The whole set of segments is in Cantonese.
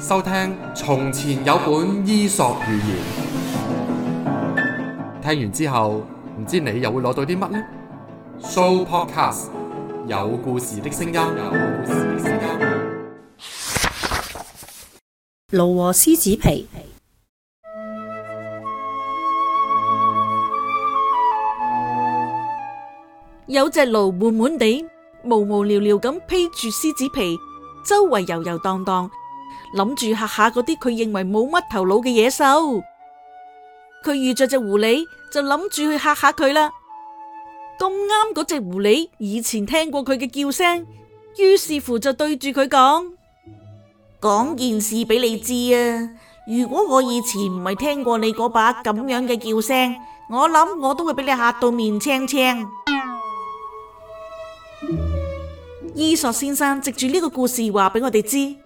收聽從前有本伊索寓言，聽完之後唔知你又會攞到啲乜呢？Sooopodcast，有故事的聲音，有故事的聲音。驢和獅子皮。有隻驢悶悶地無無聊聊咁披住獅子皮，周圍遊游蕩蕩。諗住吓下嗰啲佢認為冇乜頭腦嘅野獸，佢遇着隻狐狸就諗住去吓吓佢啦。咁啱嗰隻狐狸以前聽過佢嘅叫聲，於是乎就對住佢講：講件事俾你知啊！如果我以前唔係聽過你嗰把咁樣嘅叫聲，我諗我都會俾你吓到面青青。 伊索先生，藉住呢個故事話俾我哋知。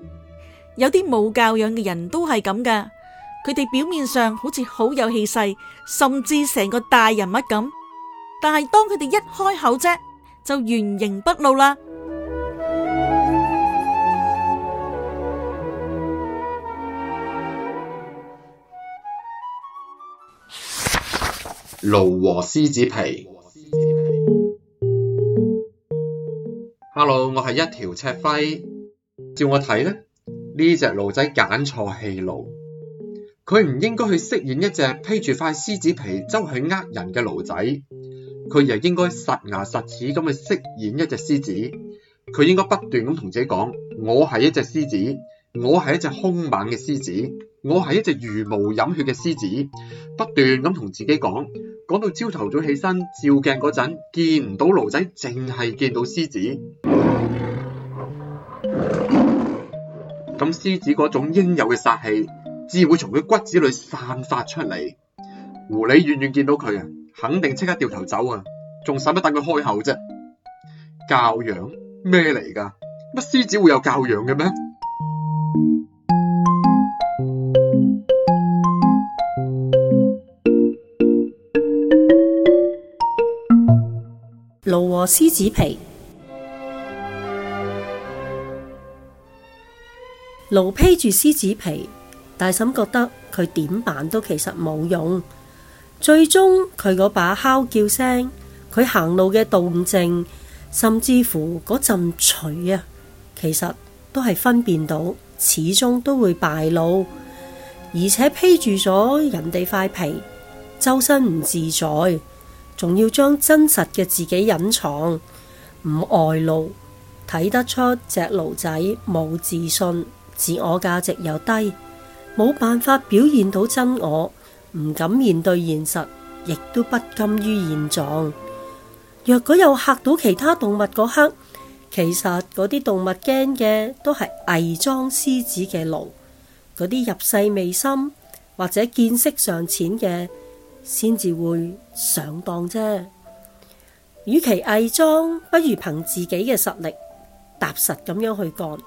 有啲冇教養嘅人都係咁噶，佢哋表面上好似好有氣勢，甚至成個大人物咁，但係當佢哋一開口啫，就原形畢露啦。驢和獅子皮。Hello，我係一條赤輝，照我睇呢。呢隻驢仔揀錯戲路，佢唔應該去飾演一隻披住塊獅子皮周去呃人嘅驢仔，佢又應該實牙實齒咁去飾演一隻獅子。佢應該不斷咁同自己講：我係一隻獅子，我係一隻兇猛嘅獅子，我係一隻茹毛飲血嘅獅子。不斷咁同自己講，講到朝頭早起身照鏡嗰陣，見唔到驢仔，淨係見到獅子。嗯。咁獅子嗰種應有嘅殺氣，至會從佢骨子裏散發出嚟。狐狸遠遠見到佢啊，肯定即刻掉頭走啊，仲使乜等佢開口啫？教養咩嚟噶？乜獅子會有教養嘅咩？驢和獅子皮。驢披住獅子皮，大嬸覺得佢點辦都其實冇用。最終佢嗰把敲叫聲，佢行路嘅動靜，甚至乎嗰陣馳啊，其實都係分辨到，始終都會敗露。而且披住咗人哋塊皮，周身唔自在，仲要將真實嘅自己隱藏，唔外露，睇得出隻驢仔冇自信。自我價值又低，冇辦法表現到真我，唔敢面對現實，亦都不甘於現狀。若果有吓到其他動物嗰刻，其實嗰啲動物驚嘅都係偽裝獅子嘅驢，嗰啲入世未深或者見識尚淺嘅，先至會上當啫。與其偽裝，不如憑自己嘅實力，踏實咁樣去幹。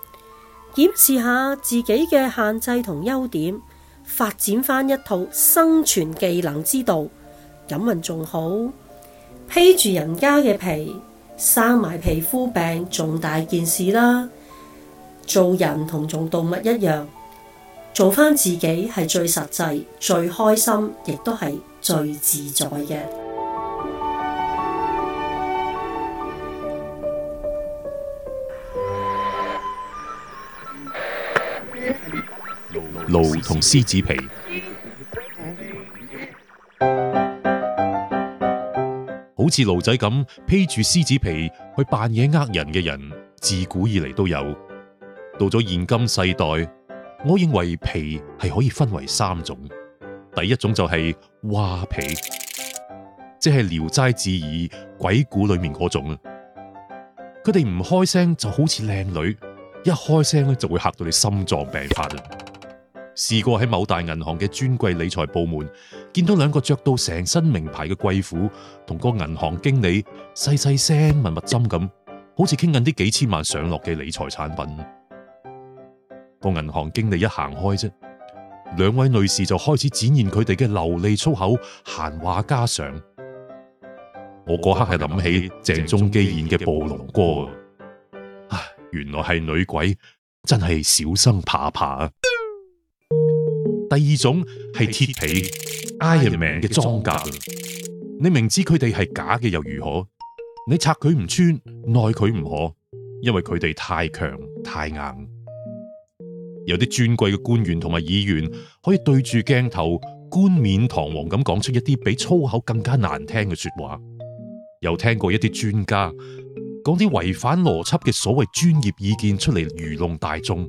檢視下自己嘅限制同優點，發展翻一套生存技能之道，飲運仲好，披住人家嘅皮，生埋皮膚病，重大件事啦。做人同做動物一樣，做翻自己係最實際、最開心，亦都係最自在嘅。同獅子皮， 好似驢仔咁披住獅子皮去扮嘢、呃人嘅人，自古以嚟都有。到咗現今世代，我認為皮係可以分為三種。第一種就係畫皮，即係《聊齋志異》鬼故裏面嗰種。佢哋唔開聲就好似靚女，一開聲咧就會嚇到你心臟病發。試過喺某大銀行嘅專櫃理財部門，見到兩個着到成身名牌嘅貴婦，同個銀行經理細細聲、密密斟咁，好似傾緊啲幾千萬上落嘅理財產品。個銀行經理一行開啫，兩位女士就開始展現佢哋嘅流利粗口、閒話家常。我嗰刻係諗起鄭中基演嘅《暴龍哥》，啊，原來係女鬼，真係小心怕怕啊！第二種係鐵皮，皮 Iron Man 嘅裝甲，了你明知佢哋係假嘅又如何？你拆佢唔穿，奈佢唔可，因為佢哋太強太硬。有啲尊貴嘅官員同埋議員可以對住鏡頭冠冕堂皇咁講出一啲比粗口更加難聽嘅說話，又聽過一啲專家講啲違反邏輯嘅所謂專業意見出嚟愚弄大眾，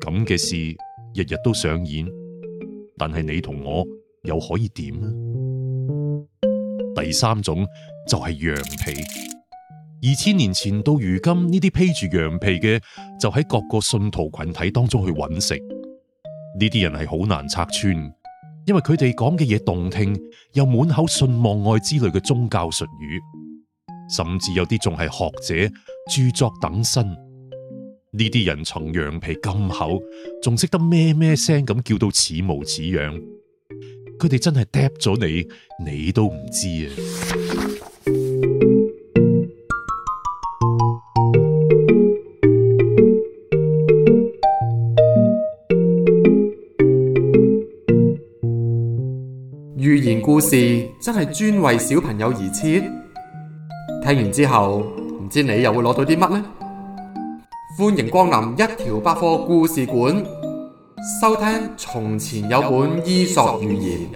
咁嘅事。日日都上演，但係你同我又可以點呢？第三種就係羊皮，二千年前到如今呢啲披住羊皮嘅，就喺各個信徒群體當中去揾食。呢啲人係好難拆穿，因為佢哋講嘅嘢動聽，又滿口信望愛之類嘅宗教術語，甚至有啲仲係學者著作等身。呢啲人層羊皮咁厚，仲識得咩咩聲咁叫到似模似樣，佢哋真係嗒咗你，你都唔知啊！寓言故事真係專為小朋友而設，聽完之後，唔知你又會攞到啲乜咧？歡迎光臨一條百貨故事館，收聽從前有本伊索寓言。